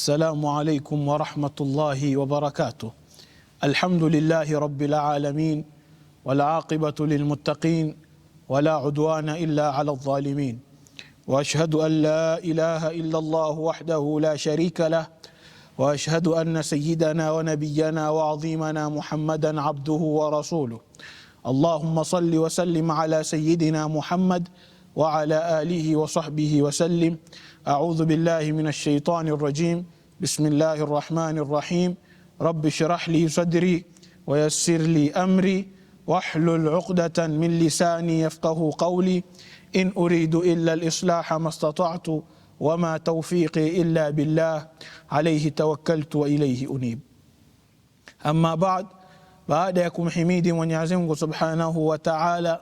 السلام عليكم ورحمة الله وبركاته الحمد لله رب العالمين والعاقبة للمتقين ولا عدوان إلا على الظالمين وأشهد أن لا إله إلا الله وحده لا شريك له وأشهد أن سيدنا ونبينا وعظيمنا محمدا عبده ورسوله اللهم صل وسلم على سيدنا محمد وعلى آله وصحبه وسلم أعوذ بالله من الشيطان الرجيم بسم الله الرحمن الرحيم رب اشرح لي صدري ويسر لي امري واحلل عقدة من لساني يفقه قولي ان اريد الا الاصلاح ما استطعت وما توفيقي الا بالله عليه توكلت واليه انيب اما بعد بعد يكم حميد ونعزم سبحانه وتعالى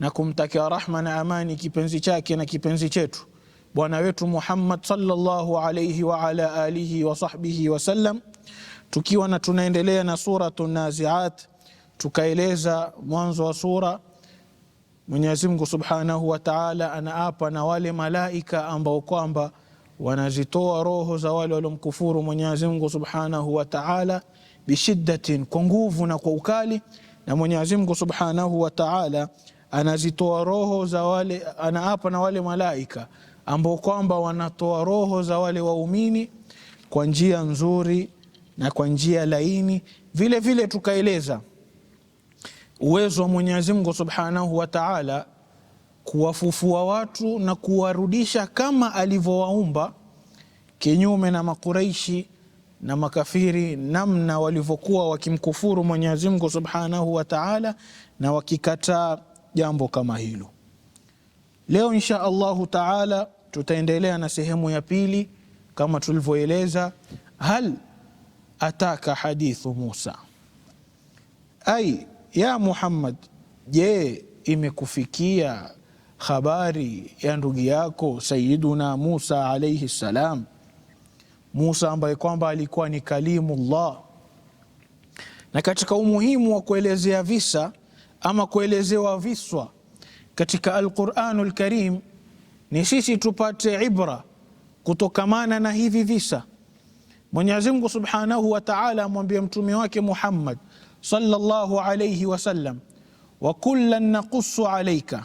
نكم تكي na kumtakia كي بنزي amani kipenzi بنزي na bwana wetu Muhammad sallallahu alayhi wa ala alihi wa sahbihi tukiwa na tunaendelea na suratu Naziat. Tukaeleza mwanzo wa sura, Mwenyezi Mungu subhanahu wa taala anaapa na wale malaika ambao kwamba wanazitoa roho za wale waliomkufuru Mwenyezi Mungu subhanahu wa taala bishiddatin, kwa nguvu na kwa ukali. Na Mwenyezi Mungu subhanahu wa taala anazitoa roho za wale, anaapa na wale malaika ambao kwamba wanatoa roho za wale waumini kwa njia nzuri na kwa njia laini. Vile vile tukaeleza uwezo wa Mwenyezi Mungu Subhanahu wa Ta'ala kuwafufua watu na kuwarudisha kama alivyowaumba, kinyume na Makuraishi na makafiri, namna walivyokuwa wakimkufuru Mwenyezi Mungu Subhanahu wa Ta'ala na wakikataa jambo kama hilo. Leo insha Allahu taala tutaendelea na sehemu ya pili kama tulivyoeleza, hal ataka hadithu Musa ai ya Muhammad, je, imekufikia habari ya ndugu yako Sayiduna Musa alaihi ssalam, Musa ambaye kwamba alikuwa ni kalimullah. Na katika umuhimu wa kuelezea visa ama kuelezewa viswa katika Alquranu lkarim ni sisi tupate ibra kutokamana na hivi visa. Mwenyezi Mungu subhanahu wa taala amwambia mtume wake Muhammad sallallahu alayhi wasallam, wa kullan naqusu alayka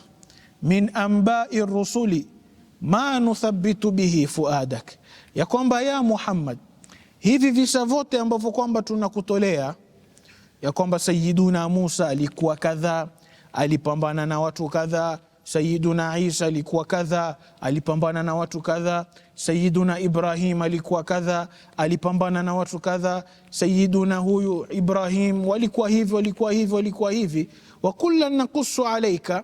min ambai rusuli ma nuthabitu bihi fuadak, ya kwamba ya Muhammad, hivi visa vyote ambavyo kwamba tunakutolea ya kwamba Sayyiduna Musa alikuwa kadhaa alipambana na watu kadha. Sayiduna Isa alikuwa kadha, alipambana na watu kadha. Sayiduna Ibrahim alikuwa kadha, alipambana na watu kadha. Sayiduna huyu Ibrahim walikuwa hivi, walikuwa hivi, walikuwa hivi. Wa kullan nakusu alaika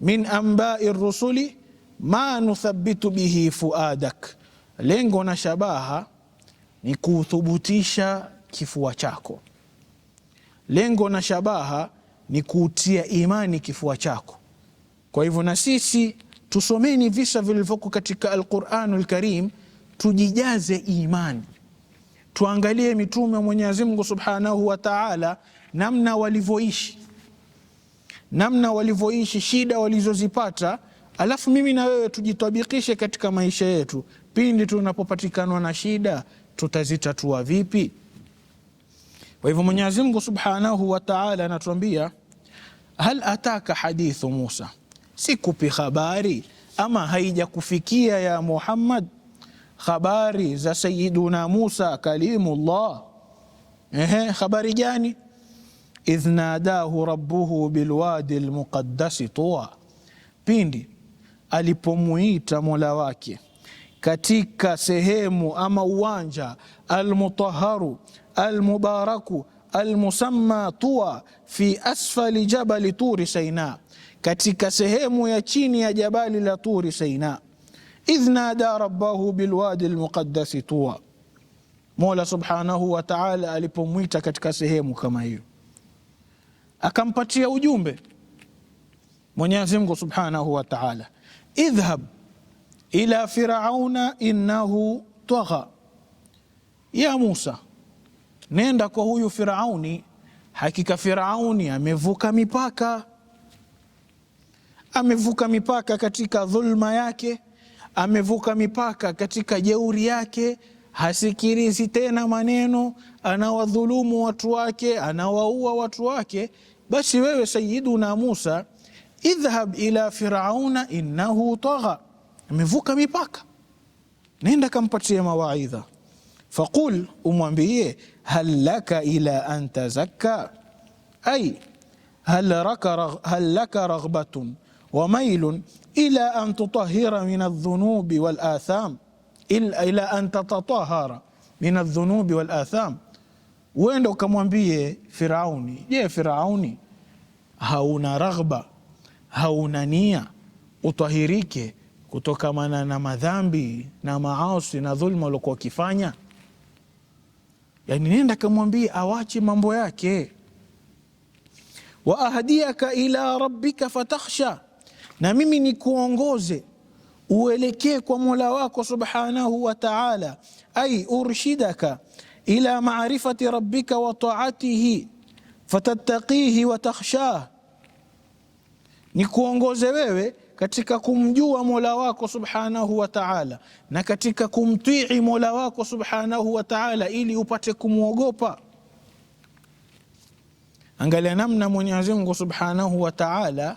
min ambai rusuli ma nuthabitu bihi fuadak, lengo na shabaha ni kuthubutisha kifua chako. Lengo na shabaha ni kuutia imani kifua chako. Kwa hivyo na sisi tusomeni visa vilivyoko katika Alquranu Lkarim, tujijaze imani, tuangalie mitume wa Mwenyezi Mungu Subhanahu wa Ta'ala, namna walivyoishi, namna walivyoishi, shida walizozipata, alafu mimi na wewe tujitabikishe katika maisha yetu. Pindi tunapopatikanwa na shida, tutazitatua vipi? Kwa hivyo Mwenyezi Mungu Subhanahu wa Ta'ala anatuambia hal ataka hadithu Musa, sikupi khabari ama haijakufikia ya Muhammad khabari za Sayyiduna Musa kalimullah? Ehe, khabari gani? idh nadahu rabbuhu bilwadi lmuqaddasi tuwa, pindi alipomuita mola wake katika sehemu ama uwanja almutaharu almubaraku almusamma tua fi asfali jabali turi saina, katika sehemu ya chini ya jabali la turi saina. Idh nada rabbahu bilwadi almuqaddasi tuwa, mola subhanahu wa taala alipomwita katika sehemu kama hiyo akampatia ujumbe Mwenyezi Mungu subhanahu wa taala, idhhab ila firauna innahu tagha ya Musa nenda kwa huyu Firauni, hakika Firauni amevuka mipaka, amevuka mipaka katika dhulma yake, amevuka mipaka katika jeuri yake. Hasikilizi tena maneno, anawadhulumu watu wake, anawaua watu wake. Basi wewe Sayiduna Musa, idhhab ila firauna innahu tagha, amevuka mipaka, nenda kampatie mawaidha. Faqul, umwambie hal laka ila an tazakka ay hal laka raghbatun wa mailun ila an tutahira min aldhunubi walatham ila an tatatahara min aldhunubi walatham. Wenda ukamwambie Firauni, je, Firauni, hauna raghba, hauna nia utahirike kutokamana na madhambi na maasi na dhulma uliokuwa ukifanya? yani nenda kamwambie awache mambo yake. wa ahdiyaka ila rabbika fatakhsha, na mimi nikuongoze uelekee kwa Mola wako subhanahu wa ta'ala, ay urshidaka ila ma'rifati rabbika wa ta'atihi fatattaqihi wa takhshah, nikuongoze wewe katika kumjua Mola wako subhanahu wa taala na katika kumtii Mola wako subhanahu wa taala ili upate kumwogopa. Angalia namna Mwenyezi Mungu subhanahu wa taala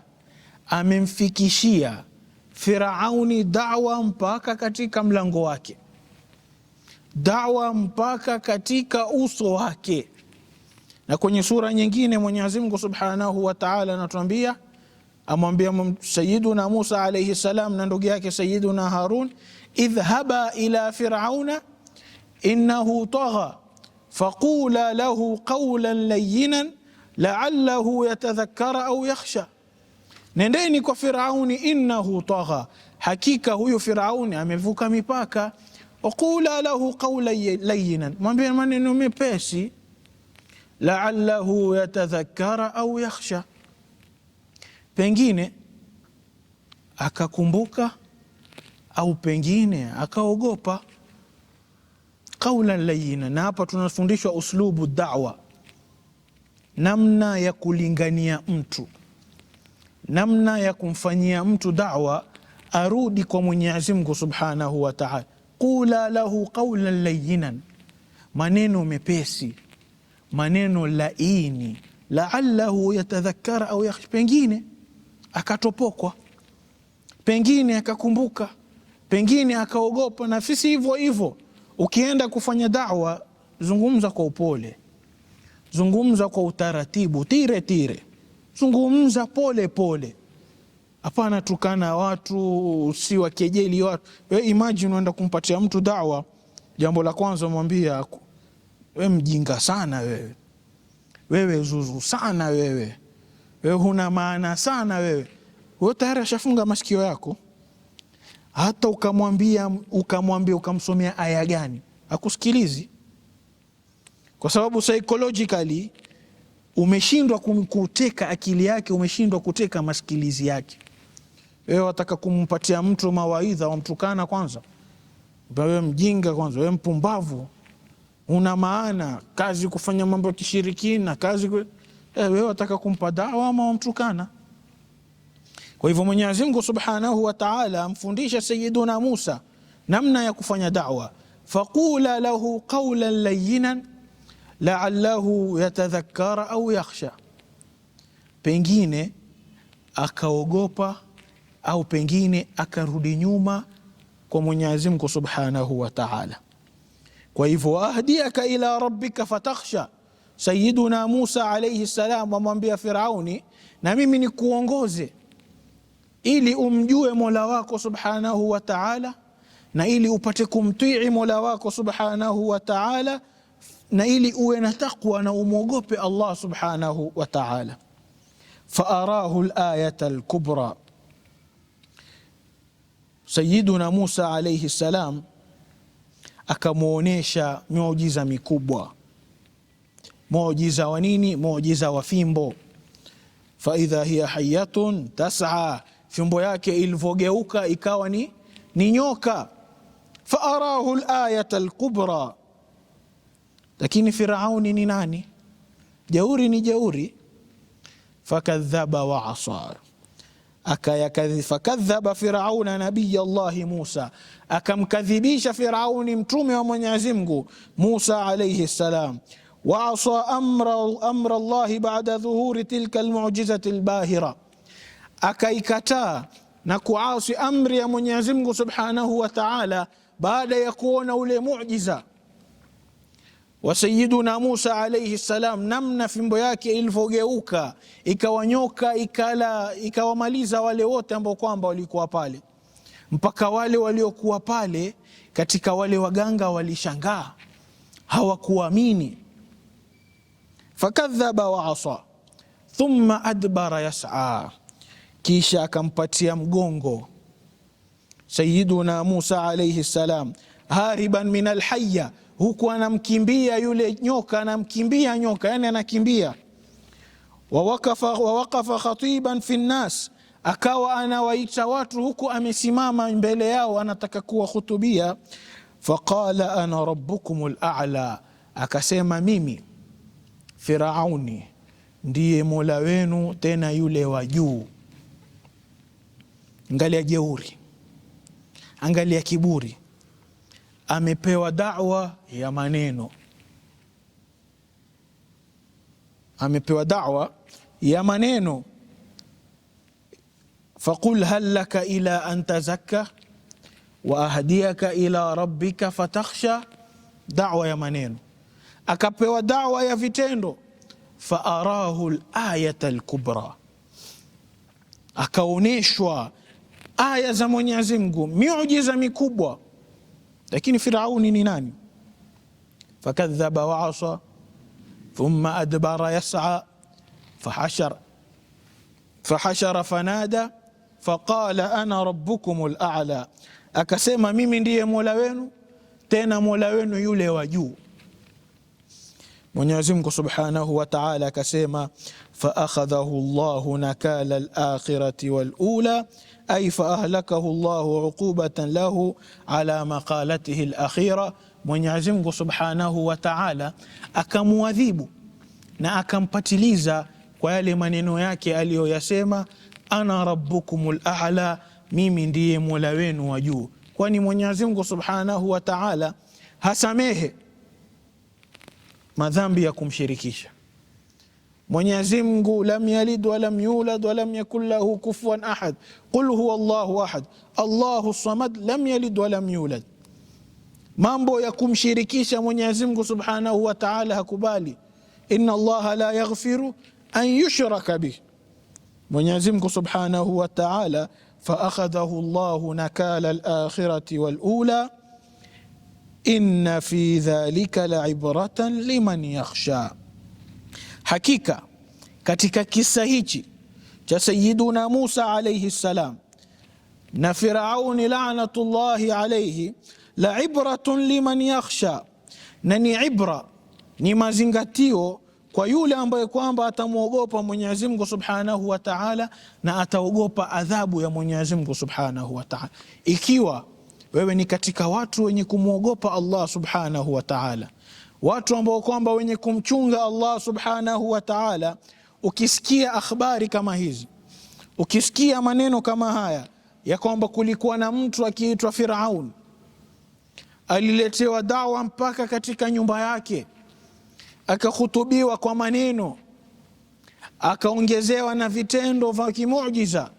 amemfikishia Firauni dawa mpaka katika mlango wake, dawa mpaka katika uso wake. Na kwenye sura nyingine Mwenyezi Mungu subhanahu wa taala anatuambia amwambia sayiduna Musa alaihi salam na ndugu yake sayiduna Harun, idhhaba ila firauna innahu tagha faqula lahu qawlan layinan laallahu yatadhakkara au yakhsha, nendeni kwa Firauni, innahu tagha, hakika huyu Firauni amevuka mipaka. Waqula lahu qawlan layinan, mwambie maneno mepesi, laallahu yatadhakkara au yakhsha pengine akakumbuka au pengine akaogopa. Qaulan layina. Na hapa tunafundishwa uslubu da'wa, namna ya kulingania mtu, namna ya kumfanyia mtu da'wa arudi kwa Mwenyezi Mungu Subhanahu wa Ta'ala. Qula lahu qaulan layinan, maneno mepesi, maneno laini, la'allahu yatadhakkara au yakhsha, pengine akatopokwa, pengine akakumbuka, pengine akaogopa. Na sisi hivyo hivyo, ukienda kufanya dawa, zungumza kwa upole, zungumza kwa utaratibu, tire tire, zungumza pole pole. Hapana tukana watu, si wakejeli watu. We eh, imagine unaenda kumpatia mtu dawa, jambo la kwanza mwambia, we mjinga sana wewe, wewe zuzu sana wewe wewe huna maana sana wewe. Wewe tayari ashafunga masikio yako, hata ukamwambia ukamwambia ukamsomea aya gani akusikilizi, kwa sababu psychologically umeshindwa kuteka akili yake, umeshindwa kuteka masikilizi yake. Wewe wataka kumpatia mtu mawaidha, wamtukana kwanza, wewe mjinga kwanza, wewe mpumbavu, una maana kazi kufanya mambo ya kishirikina kazi kwe eh, wewe wataka kumpa dawa ama wamtukana? Kwa hivyo Mwenyezi Mungu Subhanahu wa Ta'ala amfundisha Sayyiduna Musa namna ya kufanya da'wa, faqula lahu qawlan layyinan la'allahu yatadhakkara au yakhsha, pengine akaogopa au pengine akarudi nyuma kwa Mwenyezi Mungu Subhanahu wa Ta'ala. Kwa hivyo, waahdiaka ila rabbika fatakhsha Sayiduna Musa alaihi salam wamwambia Firauni, na mimi nikuongoze ili umjue mola wako subhanahu wa taala, na ili upate kumtii mola wako subhanahu wa taala, na ili uwe na takwa na umwogope Allah subhanahu wa taala. Faarahu alayata alkubra, Sayiduna Musa alaihi salam akamwonyesha miujiza mikubwa muujiza wa nini? Muujiza wa fimbo. Fa hiya hayatun tas'a, fimbo yake ilivyogeuka ikawa ni ni nyoka. Fa arahu alayata alkubra. Lakini Firauni ni nani? Jeuri ni jeuri. Fakadhaba wa asa fakadhaba Firauna nabiya Allahi Musa, akamkadhibisha Firauni mtume wa Mwenyezi Mungu Musa alayhi salam waasa amra, llahi bada dhuhuri tilka lmujizati lbahira akaikataa na kuasi amri ya Mwenyezi Mungu subhanahu wa taala baada ya kuona ule mujiza wa Sayiduna Musa alaihi salam, namna fimbo yake ilivyogeuka ikawanyoka ikala ikawamaliza wale wote ambao kwamba walikuwa pale, mpaka wale waliokuwa pale katika wale waganga walishangaa, hawakuamini fakadhaba wa asa thumma adbara yas'a, kisha akampatia mgongo Sayyiduna Musa alayhi salam hariban min alhaya huku anamkimbia yule nyoka, anamkimbia nyoka, yani anakimbia. Wawakafa, wawakafa khatiban fi nnas, akawa anawaita watu huku amesimama mbele yao, anataka kuwahutubia. Faqala ana rabbukum al'a, akasema mimi Firauni ndiye mola wenu, tena yule wa juu. Angalia jeuri, angalia kiburi. Amepewa dawa ya maneno, amepewa dawa ya maneno. Faqul hal laka ila an tazakka wa ahdiyaka ila rabbika fatakhsha, dawa ya maneno akapewa dawa ya vitendo, fa arahu alayata alkubra, akaonyeshwa aya za Mwenyezi Mungu, miujiza mikubwa. Lakini Firauni ni nani? Fakadhaba wa asa thumma adbara yas'a fahashara fahashara fanada faqala ana rabbukumul lala akasema mimi ndiye mola wenu, tena mola wenu yule wa juu Mwenyezi Mungu Subhanahu wa Ta'ala akasema, fa akhadhahu Allahu nakala al-akhirati wal-ula, ay fa ahlakahu Allahu uqubatan lahu ala maqalatihi al-akhira. Mwenyezi Mungu Subhanahu wa Ta'ala akamwadhibu na akampatiliza kwa yale maneno yake aliyoyasema, ana rabbukumul a'la, mimi ndiye mola wenu wa juu. Kwani Mwenyezi Mungu Subhanahu wa Ta'ala hasamehe madhambi ya kumshirikisha Mwenyezi Mungu, lam yalid walam yulad walam yakun lahu kufuwan ahad, qul huwa llahu ahad, Allahu samad, lam yalid walam yulad. Mambo ya kumshirikisha Mwenyezi Mungu subhanahu wa taala hakubali. Inna allaha la yaghfiru an yushraka bih, Mwenyezi Mungu subhanahu wa taala. Fa akhadhahu llahu nakala alakhirati walula inna fi dhalika laibratan liman yakhsha, hakika katika kisa hichi cha Sayyiduna Musa alayhi salam na Firauni laanatullahi alayhi, laibratun liman yakhsha, na ni ibra, ni mazingatio kwa yule ambaye kwamba atamwogopa Mwenyezi Mungu Subhanahu wa Ta'ala, na ataogopa adhabu ya Mwenyezi Mungu Subhanahu wa Ta'ala ikiwa wewe ni katika watu wenye kumwogopa Allah subhanahu wa taala, watu ambao kwamba wenye kumchunga Allah subhanahu wa taala. Ukisikia akhbari kama hizi, ukisikia maneno kama haya ya kwamba kulikuwa na mtu akiitwa Firaun aliletewa dawa mpaka katika nyumba yake, akahutubiwa kwa maneno, akaongezewa na vitendo vya kimuujiza,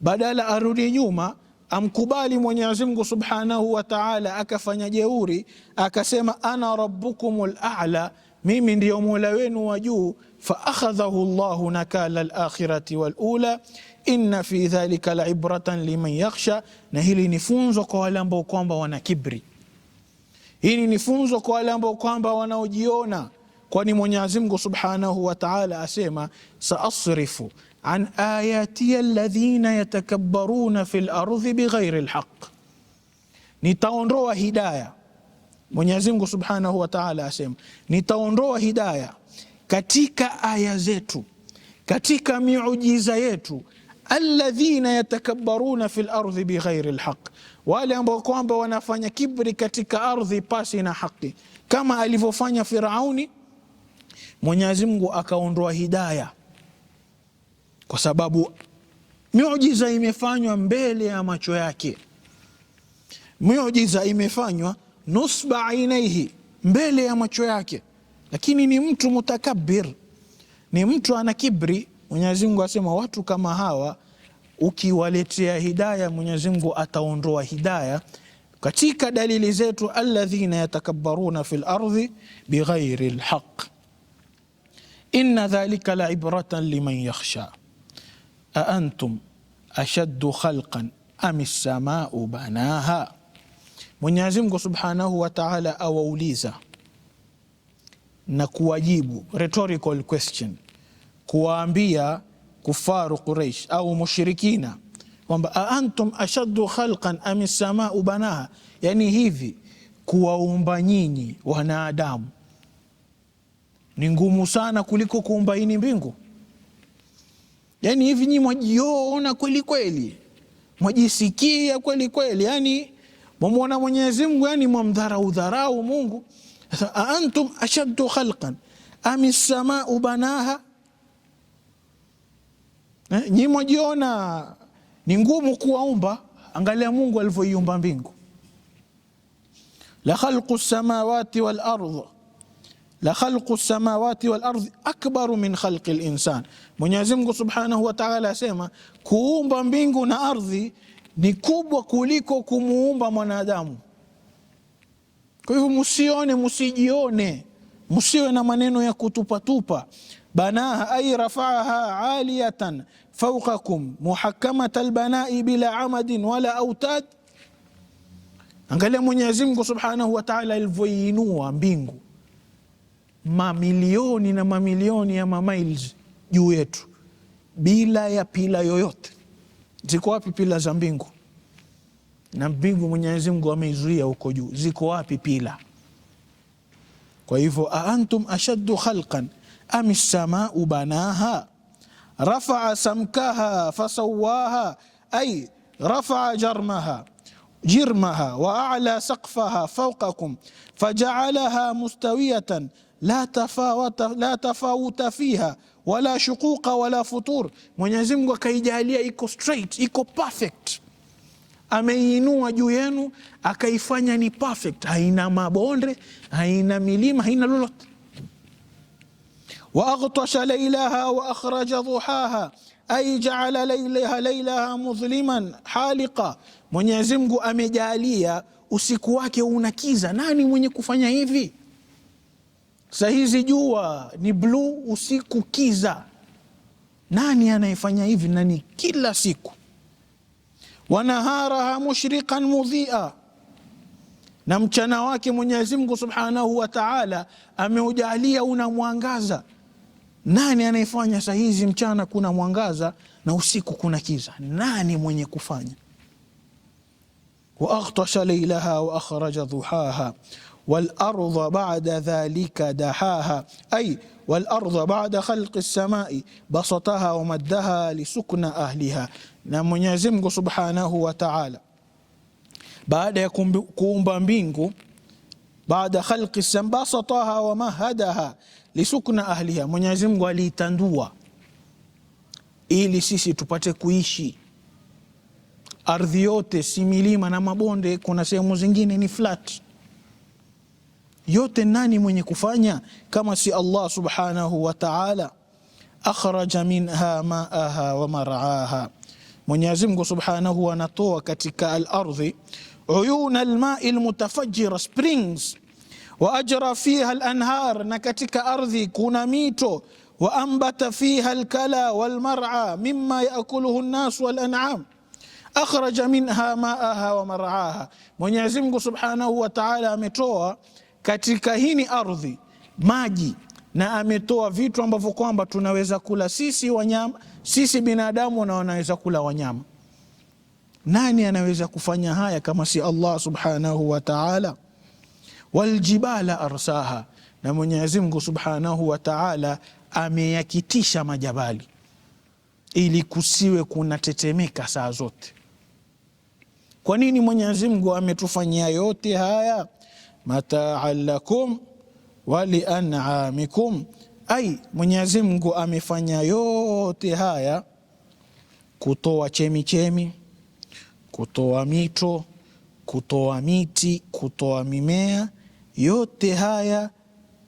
badala arudi nyuma amkubali Mwenyezi Mungu Subhanahu wa Ta'ala, akafanya jeuri akasema ana rabbukumul a'la, mimi ndiyo mola wenu wa juu. Fa akhadhahu Allahu nakala al-akhirati wal ula inna fi dhalika laibratan liman yakhsha. Na hili ni funzo kwa wale ambao kwamba wana kibri, hili ni funzo kwa wale ambao kwamba wanaojiona, kwani Mwenyezi Mungu Subhanahu wa Ta'ala asema saasrifu an ayati alladhina yatakabbaruna fil ardhi bighairi lhaq, nitaondoa hidaya. Mwenyezi Mungu subhanahu wa taala asema, nitaondoa hidaya katika aya zetu, katika miujiza yetu. Alladhina yatakabbaruna fi lardhi bighairi lhaq, wale ambao kwamba wanafanya kibri katika ardhi pasi na haki, kama alivyofanya Firauni. Mwenyezi Mungu akaondoa hidaya kwa sababu miujiza imefanywa mbele ya macho yake, miujiza imefanywa nusba ainaihi, mbele ya macho yake, lakini ni mtu mutakabir, ni mtu ana kibri. Mwenyezi Mungu asema watu kama hawa ukiwaletea hidaya, Mwenyezi Mungu ataondoa hidaya katika dalili zetu, alladhina yatakabbaruna fi lardhi bighairi lhaq, inna dhalika la ibratan liman yakhsha aantum ashaddu khalqan am ssamau banaha. Mwenyezi Mungu subhanahu wa taala awauliza na kuwajibu rhetorical question, kuwaambia kufaru Quraish au mushirikina kwamba aantum ashaddu khalqan am ssamau banaha, yani hivi kuwaumba nyinyi wanadamu ni ngumu sana kuliko kuumba mbingu yani hivi nyinyi mwajiona kweli kweli, mwajisikia kweli kweli, yani mwamwona Mwenyezi Mungu, yani mwamdharau dharau Mungu. Sasa aantum ashaddu khalqan ami samau banaha eh? mwajiona ni ngumu kuwaumba, angalia Mungu alivyoiumba mbingu, la khalqu samawati wal ardh la khalqu samawati wal ardhi akbaru min khalqi linsan. Mwenyezi Mungu subhanahu wa taala asema kuumba mbingu na ardhi ni kubwa kuliko kumuumba mwanadamu. Kwa hivyo, musione, musijione, musiwe na maneno ya kutupatupa. Banaha ay rafaaha aliyatan fawqakum muhakamata albanai bila amadin wala autad. Angalia Mwenyezi Mungu subhanahu wa taala alivyoinua mbingu mamilioni na mamilioni ya mamiles juu yetu bila ya pila yoyote. Ziko wapi pila za mbingu? Na mbingu Mwenyezi Mungu ameizuia huko juu, ziko wapi pila? Kwa hivyo aantum ashaddu khalqan am samau banaha rafaa samkaha fasawaha ay rafaa jarmaha jirmaha wa a'la saqfaha fawqakum faja'alaha mustawiyatan la tafawuta la tafauta fiha wala shuquqa wala futur. Mwenyezi Mungu akaijalia iko straight, iko perfect, ameiinua juu yenu akaifanya ni perfect, haina mabonde, haina milima, haina lolote. wa lailaha laylaha wa akhraja duhaha ay jaala laylaha laylaha mudhliman haliqa. Mwenyezi Mungu amejalia usiku wake unakiza. Nani mwenye kufanya hivi? Sahizi jua ni bluu, usiku kiza. Nani anayefanya hivi? Na ni kila siku. Wanaharaha mushriqan mudhia, na mchana wake Mwenyezi Mungu subhanahu wa taala ameujalia una mwangaza. Nani anayefanya sahizi mchana kuna mwangaza na usiku kuna kiza? Nani mwenye kufanya? Wa aghtasha leilaha wa akhraja dhuhaha walarda بعد ذلك دحاها ay walarda bada خلق lsamai basataha ومدها lisukna ahliha, na Mwenyezi سبحانه subhanahu بعد taala baada ya kuumba mbingu بسطها ومهدها لسكن basataha wamahadaha lisukna ahliha, aliitandua ili sisi tupate kuishi. Ardhi yote si milima na mabonde, kuna sehemu zingine ni flat yote nani mwenye kufanya kama si Allah subhanahu wa ta'ala. akhraja minha maaha wa mar'aha, Mwenyezi Mungu subhanahu anatoa katika al-ardhi uyun al-ma'i al-mutafajjira springs wa ajra fiha al-anhar, na katika ardhi kuna mito wa ambata fiha al-kala wal-mar'a mimma ya'kuluhu an-nas wal-an'am akhraja minha maaha wa mar'aha. Mwenyezi Mungu subhanahu wa ta'ala ametoa katika hii ardhi maji, na ametoa vitu ambavyo kwamba tunaweza kula sisi wanyama, sisi binadamu na wanaweza kula wanyama. Nani anaweza kufanya haya kama si Allah subhanahu wa ta'ala? Waljibala arsaha, na Mwenyezi Mungu subhanahu wa ta'ala ameyakitisha majabali ili kusiwe kunatetemeka saa zote. Kwa nini Mwenyezi Mungu ametufanyia yote haya? mataan lakum walianamikum, ai Mwenyezi Mungu amefanya yote haya kutoa chemichemi, kutoa mito, kutoa miti, kutoa mimea, yote haya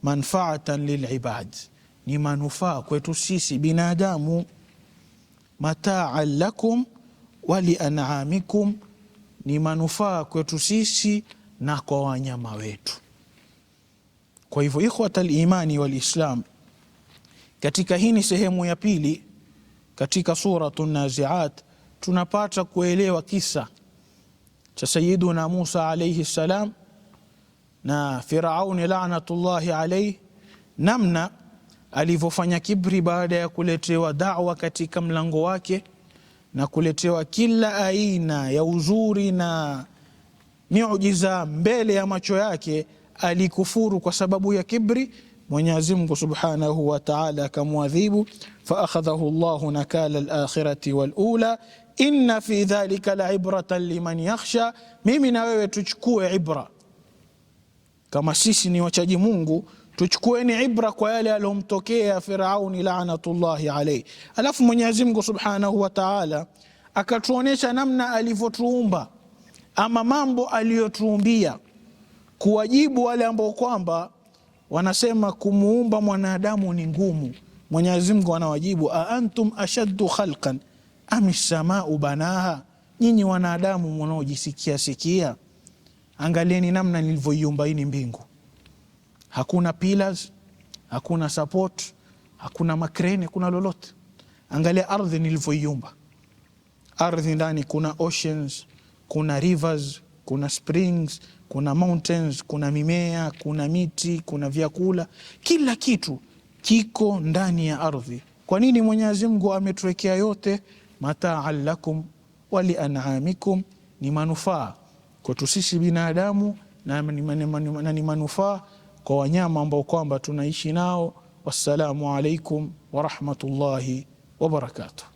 manfaatan lilibad, ni manufaa kwetu sisi binadamu. Mataan lakum walianamikum, ni manufaa kwetu sisi na kwa wanyama wetu. Kwa hivyo, ikhwata limani walislam, katika hii ni sehemu ya pili katika Suratu Naziat tunapata kuelewa kisa cha Sayiduna Musa alaihi ssalam na Firauni laanatullahi alaihi, namna alivyofanya kibri baada ya kuletewa dawa katika mlango wake na kuletewa kila aina ya uzuri na miujiza mbele ya macho yake, alikufuru kwa sababu ya kibri. Mwenyezi Mungu Subhanahu wa Ta'ala akamwadhibu, fa akhadhahu Allahu nakala al-akhirati wal ula inna fi dhalika laibratan liman yakhsha. Mimi na wewe tuchukue ibra, kama sisi ni wachaji Mungu, tuchukueni ibra kwa yale aliyomtokea Firauni laanatullahi alayhi. Alafu Mwenyezi Mungu Subhanahu wa Ta'ala akatuonesha namna alivyotuumba ama mambo aliyotuumbia, kuwajibu wale ambao kwamba wanasema kumuumba mwanadamu ni ngumu. Mwenyezi Mungu anawajibu, a antum ashaddu khalqan ami samau banaha, nyinyi wanadamu munaojisikia sikia, angalieni namna nilivyoiumba hii mbingu. Hakuna pillars, hakuna support, hakuna makrene, kuna lolote. Angalia ardhi nilivyoiumba. Ardhi ndani kuna oceans kuna rivers, kuna springs, kuna mountains, kuna mimea, kuna miti, kuna vyakula, kila kitu kiko ndani ya ardhi. Kwa nini Mwenyezi Mungu ametuwekea yote? Mataan lakum wali lianamikum ni manufaa kwetu sisi binadamu na ni manufaa kwa wanyama ambao kwamba tunaishi nao. Wassalamu alaikum warahmatullahi wabarakatuh.